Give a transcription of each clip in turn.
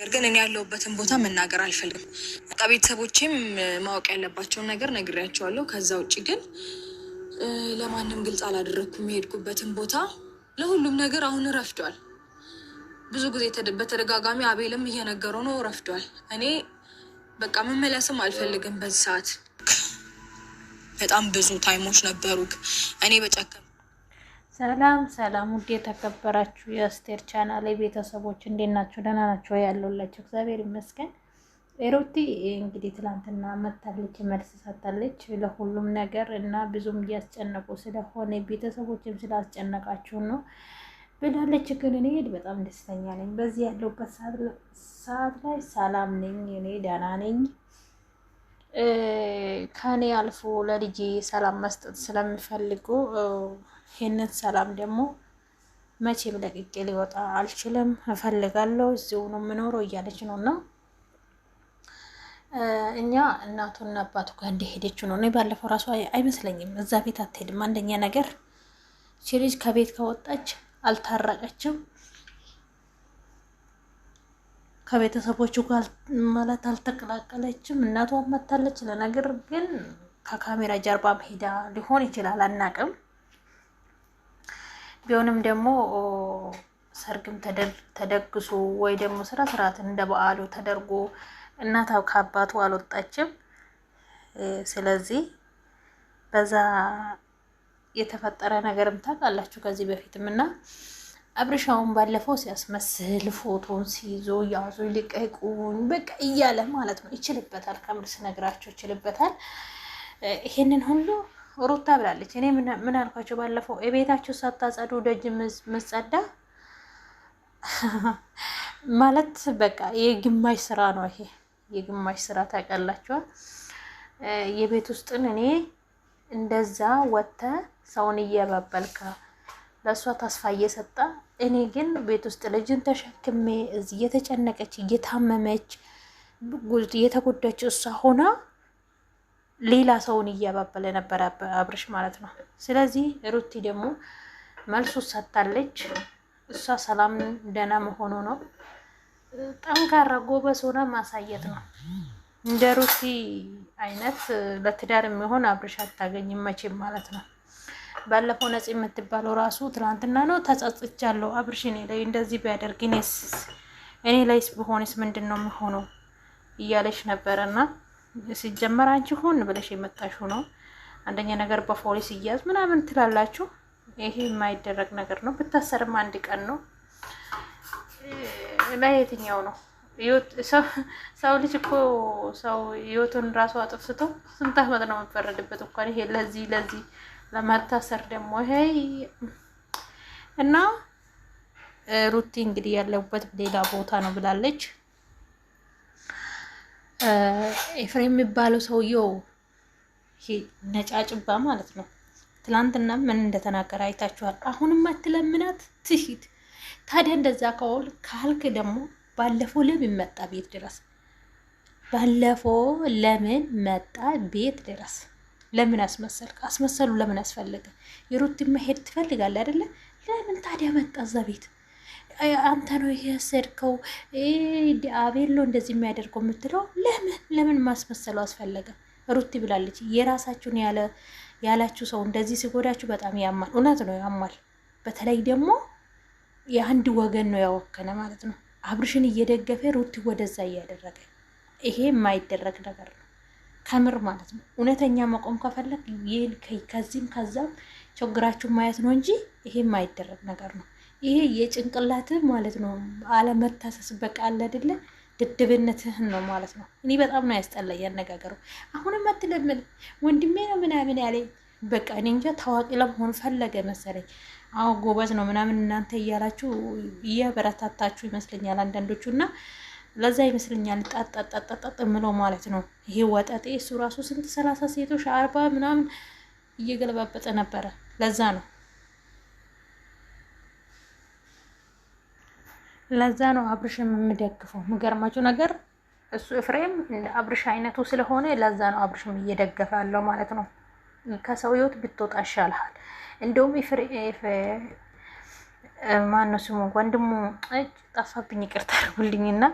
ነገር ግን እኔ ያለሁበትን ቦታ መናገር አልፈልግም። በቃ ቤተሰቦቼም ማወቅ ያለባቸውን ነገር ነግሬያቸዋለሁ። ከዛ ውጭ ግን ለማንም ግልጽ አላደረግኩም የሄድኩበትን ቦታ። ለሁሉም ነገር አሁን ረፍዷል። ብዙ ጊዜ በተደጋጋሚ አቤልም እየነገረው ነው፣ ረፍዷል። እኔ በቃ መመለስም አልፈልግም። በዚህ ሰዓት በጣም ብዙ ታይሞች ነበሩ እኔ በጨከ ሰላም ሰላም ውድ የተከበራችሁ የአስቴር ቻናል ቤተሰቦች እንዴት ናቸው ደህና ናቸው ያለውላቸው እግዚአብሔር ይመስገን። ኤሮቲ እንግዲህ ትላንትና መታለች፣ መልስ ሰጥታለች ለሁሉም ነገር እና ብዙም እያስጨነቁ ስለሆነ ቤተሰቦችም ስላስጨነቃችሁ ነው ብላለች። ግን እኔ በጣም ደስተኛ ነኝ። በዚህ ያለሁበት ሰዓት ላይ ሰላም ነኝ፣ እኔ ደህና ነኝ። ከእኔ አልፎ ለልጄ ሰላም መስጠት ስለሚፈልጉ ይህንን ሰላም ደግሞ መቼም ለቅቄ ሊወጣ አልችልም፣ እፈልጋለሁ፣ እዚሁ ነው የምኖረው እያለች ነው እና እኛ እናቱና አባቱ ጋር እንደሄደች ነው። እኔ ባለፈው ራሱ አይመስለኝም እዛ ቤት አትሄድም። አንደኛ ነገር ቺ ልጅ ከቤት ከወጣች አልታረቀችም፣ ከቤተሰቦቹ ጋር ማለት አልተቀላቀለችም። እናቷ መታለች። ለነገር ግን ከካሜራ ጀርባ ሄዳ ሊሆን ይችላል፣ አናቅም ቢሆንም ደግሞ ሰርግም ተደግሶ ወይ ደግሞ ስራ ስርዓት እንደ በዓሉ ተደርጎ እናት ከአባቱ አልወጣችም። ስለዚህ በዛ የተፈጠረ ነገርም ታውቃላችሁ ከዚህ በፊትም እና አብርሻውን ባለፈው ሲያስመስል ፎቶን ሲይዞ ያዙ ልቀቁኝ በቃ እያለ ማለት ነው። ይችልበታል፣ ከምር ስነግራቸው ይችልበታል። ይሄንን ሁሉ ሩታ ብላለች። እኔ ምን አልኳቸው ባለፈው የቤታችሁ ሳታጸዱ ደጅ ምጸዳ ማለት በቃ የግማሽ ስራ ነው ይሄ የግማሽ ስራ ታውቃላችኋል። የቤት ውስጥን እኔ እንደዛ ወጥተ ሰውን እየባበልካ ለእሷ ተስፋ እየሰጠ እኔ ግን ቤት ውስጥ ልጅን ተሸክሜ እዚህ እየተጨነቀች እየታመመች የተጎዳች እሷ ሆና ሌላ ሰውን እያባበለ ነበር አብርሽ ማለት ነው። ስለዚህ ሩቲ ደግሞ መልሱ ሰጥታለች። እሷ ሰላም ደህና መሆኑ ነው ጠንካራ ጎበዝ ሆና ማሳየት ነው። እንደ ሩቲ አይነት ለትዳር የሚሆን አብርሽ አታገኝም መቼም ማለት ነው። ባለፈው ነጽ የምትባለው ራሱ ትላንትና ነው ተጸጽቻለሁ፣ አብርሽ እኔ ላይ እንደዚህ ቢያደርግ እኔ ላይስ ብሆንስ ምንድን ነው የሚሆነው እያለች ነበረና ሲጀመር አንቺ ሆን ብለሽ የመጣሽው ነው። አንደኛ ነገር በፖሊስ እያዝ ምናምን ትላላችሁ። ይሄ የማይደረግ ነገር ነው። ብታሰርም አንድ ቀን ነው። ለየትኛው ነው ሰው ልጅ እኮ ሰው ህይወቱን ራሱ አጥፍቶ ስንት አመት ነው የምፈረድበት? እንኳን ይሄ ለዚህ ለዚህ ለመታሰር ደግሞ ይሄ እና ሩቲ እንግዲህ ያለሁበት ሌላ ቦታ ነው ብላለች። ኤፍሬም የሚባለው ሰውየው ይሄ ነጫጭባ ማለት ነው። ትላንትና ምን እንደተናገረ አይታችኋል። አሁንም አትለምናት ትሂድ። ታዲያ እንደዛ ከሆነ ካልክ ደግሞ ባለፈው ለምን መጣ ቤት ድረስ? ባለፈው ለምን መጣ ቤት ድረስ? ለምን አስመሰልክ? አስመሰሉ ለምን አስፈለገ? የሩት መሄድ ትፈልጋለህ አይደለ? ለምን ታዲያ መጣ እዛ ቤት? አንተ ነው ይሄ ሰድከው አቤሎ እንደዚህ የሚያደርገው የምትለው ለምን ለምን ማስመሰሉ አስፈለገ? ሩቲ ብላለች የራሳችሁን ያለ ያላችሁ ሰው እንደዚህ ሲጎዳችሁ በጣም ያማል። እውነት ነው ያማል። በተለይ ደግሞ የአንድ ወገን ነው ያወከነ ማለት ነው። አብርሽን እየደገፈ ሩቲ ወደዛ እያደረገ ይሄ የማይደረግ ነገር ነው ከምር ማለት ነው። እውነተኛ መቆም ከፈለግ ይህን ከዚህም ከዛም ችግራችሁ ማየት ነው እንጂ ይሄ የማይደረግ ነገር ነው። ይሄ የጭንቅላትህ ማለት ነው አለመታሰስ በቃ አለ አይደለ ድድብነትህን ነው ማለት ነው። እኔ በጣም ነው ያስጠላ ያነጋገረው አሁንም አትለምል ወንድሜ ነው ምናምን ያለኝ በቃ እኔ እንጃ ታዋቂ ለመሆን ፈለገ መሰለኝ። አዎ ጎበዝ ነው ምናምን እናንተ እያላችሁ እያበረታታችሁ ይመስለኛል አንዳንዶቹ እና ለዛ ይመስለኛል ጣጣጣጣጣጥ ምለው ማለት ነው። ይሄ ወጠጤ እሱ ራሱ ስንት ሰላሳ ሴቶች አርባ ምናምን እየገለባበጠ ነበረ። ለዛ ነው ለዛ ነው አብርሽ የምደግፈው። የሚገርማችሁ ነገር እሱ ኤፍሬም አብርሽ አይነቱ ስለሆነ ለዛ ነው አብርሽም እየደገፈ ያለው ማለት ነው። ከሰው ህይወት ብትወጣ ይሻልሃል። እንደውም ማነው ስሙ ወንድሙ ጠፋብኝ፣ ይቅርታ አድርጉልኝና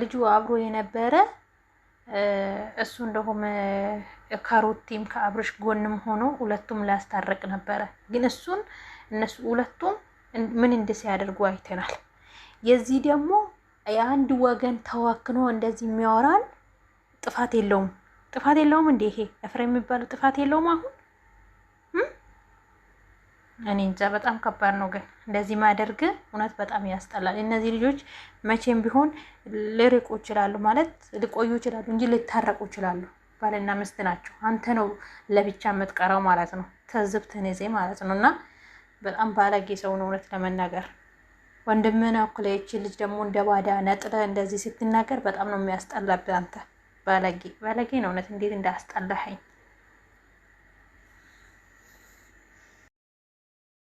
ልጁ አብሮ የነበረ እሱ እንደውም ካሮቲም ከአብርሽ ጎንም ሆኖ ሁለቱም ላያስታረቅ ነበረ። ግን እሱን እነሱ ሁለቱም ምን እንደ ሲያደርጉ አይተናል። የዚህ ደግሞ የአንድ ወገን ተወክኖ እንደዚህ የሚያወራን ጥፋት የለውም። ጥፋት የለውም እንዴ? ይሄ ኤፍሬም የሚባለው ጥፋት የለውም። አሁን እኔ እንጃ፣ በጣም ከባድ ነው። ግን እንደዚህ ማደርግ እውነት በጣም ያስጠላል። እነዚህ ልጆች መቼም ቢሆን ልርቁ ይችላሉ፣ ማለት ልቆዩ ይችላሉ እንጂ ልታረቁ ይችላሉ። ባልና ሚስት ናቸው። አንተ ነው ለብቻ የምትቀረው ማለት ነው፣ ትዝብትን ይዜ ማለት ነው። እና በጣም ባለጌ ሰው ነው እውነት ለመናገር ወንድምህን እኩል ልጅ ደግሞ እንደ ባዳ ነጥለ እንደዚህ ስትናገር በጣም ነው የሚያስጠላብህ። አንተ ባለጌ ባለጌ ነው እውነት እንዴት እንዳስጠላኸኝ